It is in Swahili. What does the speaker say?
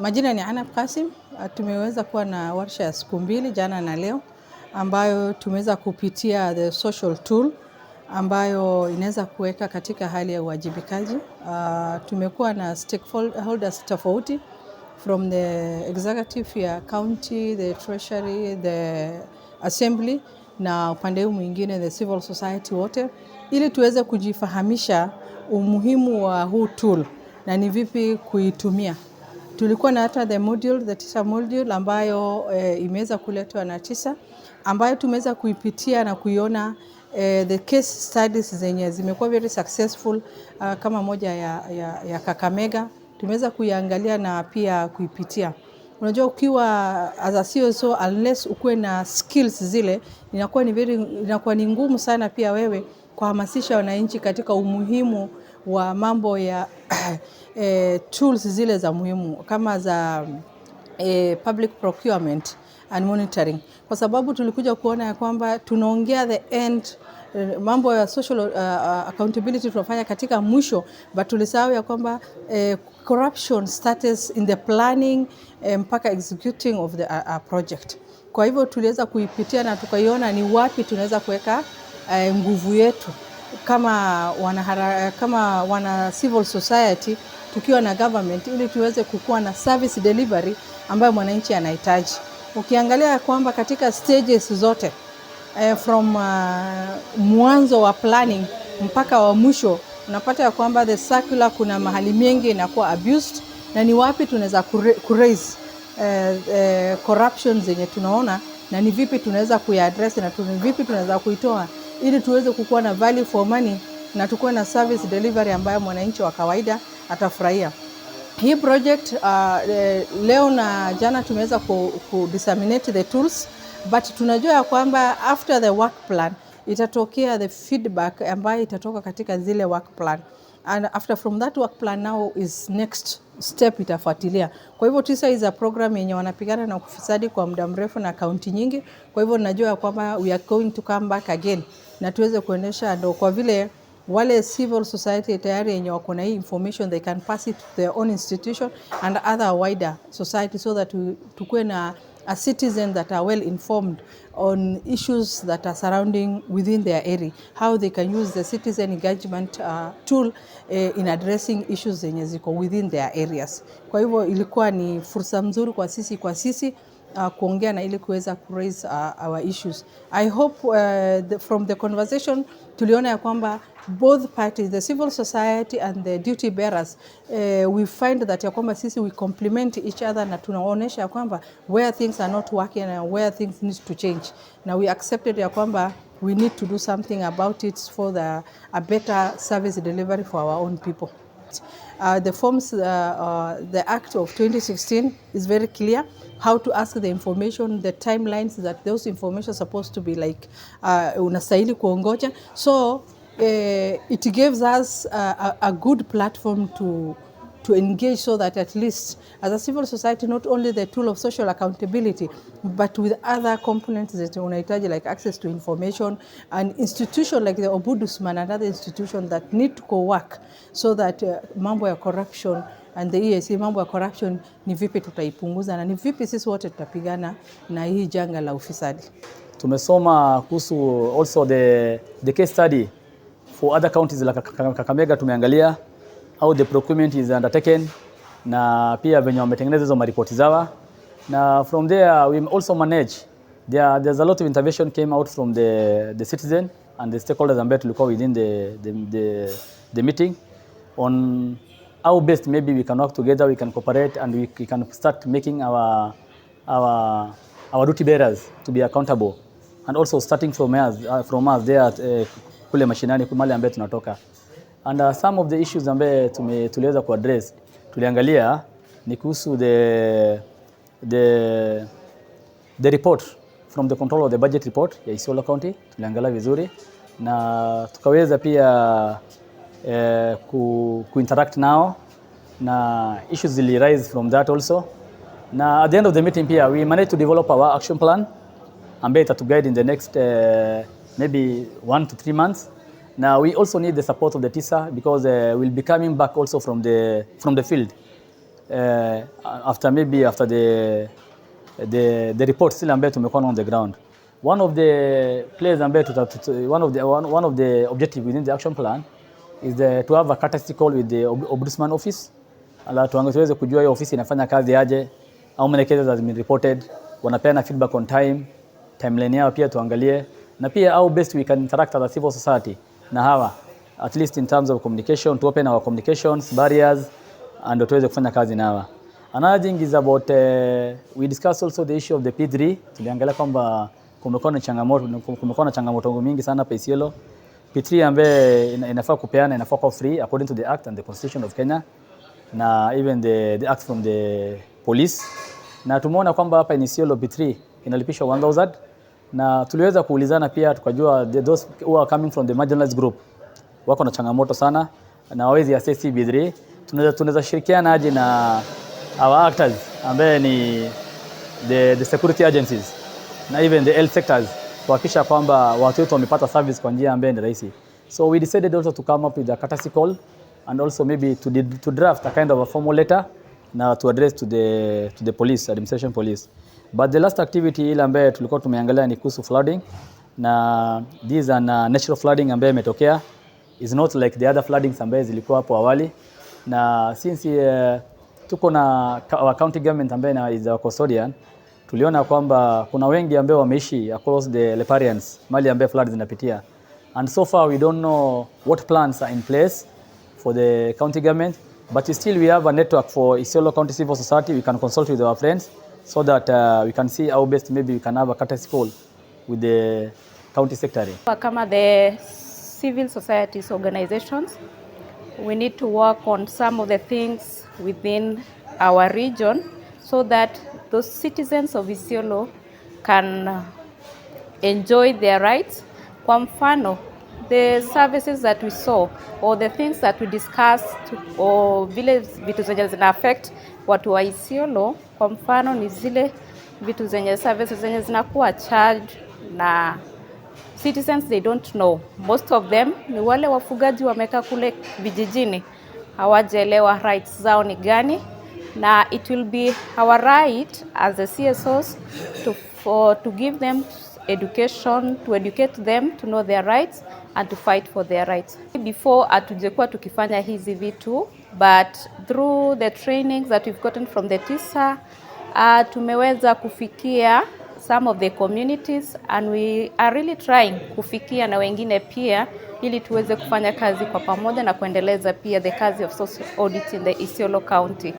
Majina ni Anab Kasim. Tumeweza kuwa na warsha ya siku mbili jana na leo, ambayo tumeweza kupitia the social tool ambayo inaweza kuweka katika hali ya uwajibikaji. Uh, tumekuwa na stakeholders tofauti from the executive ya county, the treasury, the assembly na upande huu mwingine the civil society wote, ili tuweze kujifahamisha umuhimu wa huu tool na ni vipi kuitumia. Tulikuwa na hata the module, the tisa module ambayo e, imeweza kuletwa na tisa ambayo tumeweza kuipitia na kuiona e, the case studies zenye zimekuwa very successful uh, kama moja ya, ya, ya Kakamega tumeweza kuiangalia na pia kuipitia. Unajua, ukiwa as a CSO unless ukuwe na skills zile, inakuwa ni very, inakuwa ni ngumu sana pia wewe kuhamasisha wananchi katika umuhimu wa mambo ya e, tools zile za muhimu kama za e, public procurement and monitoring, kwa sababu tulikuja kuona ya kwamba tunaongea the end eh, mambo ya social uh, accountability tunafanya katika mwisho, but tulisahau ya kwamba eh, corruption status in the planning eh, mpaka executing of the uh, project. Kwa hivyo tuliweza kuipitia na tukaiona ni wapi tunaweza kuweka uh, nguvu yetu kama wanahara, kama wana civil society tukiwa na government ili tuweze kukuwa na service delivery ambayo mwananchi anahitaji. Ukiangalia kwamba katika stages zote eh, from uh, mwanzo wa planning mpaka wa mwisho unapata ya kwamba the circular kuna mahali mengi inakuwa abused na ni wapi tunaweza kuraise eh, eh, corruption zenye tunaona na ni vipi tunaweza kuiaddress na ni vipi tunaweza kuitoa ili tuweze kukuwa na value for money na tukuwe na service delivery ambayo mwananchi wa kawaida atafurahia. Hii project uh, eh, leo na jana tumeweza ku, ku disseminate the tools but tunajua ya kwamba after the work plan itatokea the feedback ambayo itatoka katika zile work plan and after from that work plan now is next step itafuatilia. Kwa hivyo tisa is a program yenye wanapigana na ufisadi kwa muda mrefu na kaunti nyingi. Kwa hivyo najua kwamba we are going to come back again na tuweze kuonesha ndo, kwa vile wale civil society tayari yenye wako na hii information they can pass it to their own institution and other wider society so that tukue na a citizen that are well informed on issues that are surrounding within their area, how they can use the citizen engagement uh, tool eh, in addressing issues zenye ziko within their areas. Kwa hivyo ilikuwa ni fursa mzuri kwa sisi kwa sisi uh, kuongea na ili kuweza kuraise uh, our issues. I hope uh, the, from the conversation tuliona ya kwamba both parties the civil society and the duty bearers uh, we find that ya kwamba sisi we complement each other na tunaonesha ya kwamba where things are not working and where things need to change na we accepted ya kwamba we need to do something about it for the a better service delivery for our own people Uh, the forms, uh, uh, the act of 2016 is very clear how to ask the information, the timelines that those information supposed to be like uh, unastahili kuongoja. So uh, it gives us uh, a, a good platform to to engage so that at least as a civil society, not only the tool of social accountability, but with other components that unahitaji like access to information, an institution like the Ombudsman and other institutions that need to co-work so that uh, mambo ya corruption and the EAC mambo ya corruption ni vipi tutaipunguza na ni vipi sisi wote tutapigana na hii janga la ufisadi. Tumesoma kuhusu also the, the case study for other counties like Kakamega tumeangalia how the procurement is undertaken na pia venye wametengeneza hizo maripoti zao, na from there we also manage there, there's a lot of intervention came out from the, the citizen and the stakeholders ambayo tulikuwa within the, the, the, the meeting on how best maybe we can work together we can cooperate and we, we can start making our, our, our duty bearers to be accountable and also starting from us, uh, from us there at, uh, kule mashinani kumale ambayo tunatoka and uh, some of the issues ambaye tuliweza ku address tuliangalia ni kuhusu the, the, the report from the control of the budget report ya Isiolo County tuliangalia vizuri na tukaweza pia eh, ku, ku interact nao na issues zili rise from that also na at the end of the meeting pia we managed to develop our action plan ambaye itatuguide in the next uh, maybe one to three months Now we also need the support of the TISA because uh, we'll be coming back also from the from the field uh, after maybe after the the, the report still ambayo tumekuwa on the ground. One of the players ambayo one of the one, one of the objective within the action plan is the, to have a courtesy call with the ombudsman office ala tuange tuweze kujua hiyo ofisi inafanya kazi aje, au many cases has been reported, wanapeana feedback on time, timeline yao pia tuangalie, na pia how best we can interact as a civil society na hawa at least in terms of communication to open our communications barriers and tuweze kufanya kazi na hawa. Another thing is about uh, we discuss also the issue of the P3. Tuliangalia kwamba kumekuwa na changamoto kumekuwa na changamoto mingi sana pa PCLO. P3 ambaye inafaa kupeana inafaa kwa free according to the act and the constitution of Kenya na even the, the act from the police, na tumeona kwamba hapa ni PCLO P3 inalipishwa 1000 na tuliweza kuulizana pia tukajua those who are coming from the marginalized group wako na changamoto sana na hawawezi access CB3. Tunaweza tunaweza shirikiana aje na our actors ambaye ni the, the security agencies na even the health sectors kuhakikisha kwamba watu wetu wamepata service kwa njia ambayo ni rahisi. So we decided also to come up with a courtesy call and also maybe to, to draft a kind of a formal letter na to address to the, to the police, administration police. But the last activity ile ambayo tulikuwa tumeangalia ni kuhusu flooding na these are natural flooding ambayo imetokea is not like the other floodings ambayo zilikuwa hapo awali, na since uh, tuko na our county government ambayo na is our custodian, tuliona kwamba kuna wengi ambao wameishi across the riparians mali ambayo flood zinapitia, and so far we don't know what plans are in place for the county government but still we have a network for Isiolo County Civil Society we can consult with our friends so that uh, we can see how best maybe we can have a courtesy call with the county secretary. Kama the civil societies organizations, we need to work on some of the things within our region so that those citizens of Isiolo can uh, enjoy their rights. Kwa mfano, the services that we saw or the things that we discussed or vile vitu zenye zina affect watu wa Isiolo. Kwa mfano ni zile vitu zenye services zenye zinakuwa charged na citizens, they don't know most of them. Ni wale wafugaji wameka kule vijijini, hawajaelewa rights zao ni gani, na it will be our right as a CSOs to, for, to give them education to educate them to know their rights and to fight for their rights. Before hatujekuwa tukifanya hizi vitu but through the trainings that we've gotten from the TISA uh, tumeweza kufikia some of the communities and we are really trying kufikia na wengine pia ili tuweze kufanya kazi kwa pamoja na kuendeleza pia the kazi of social audit in the Isiolo County.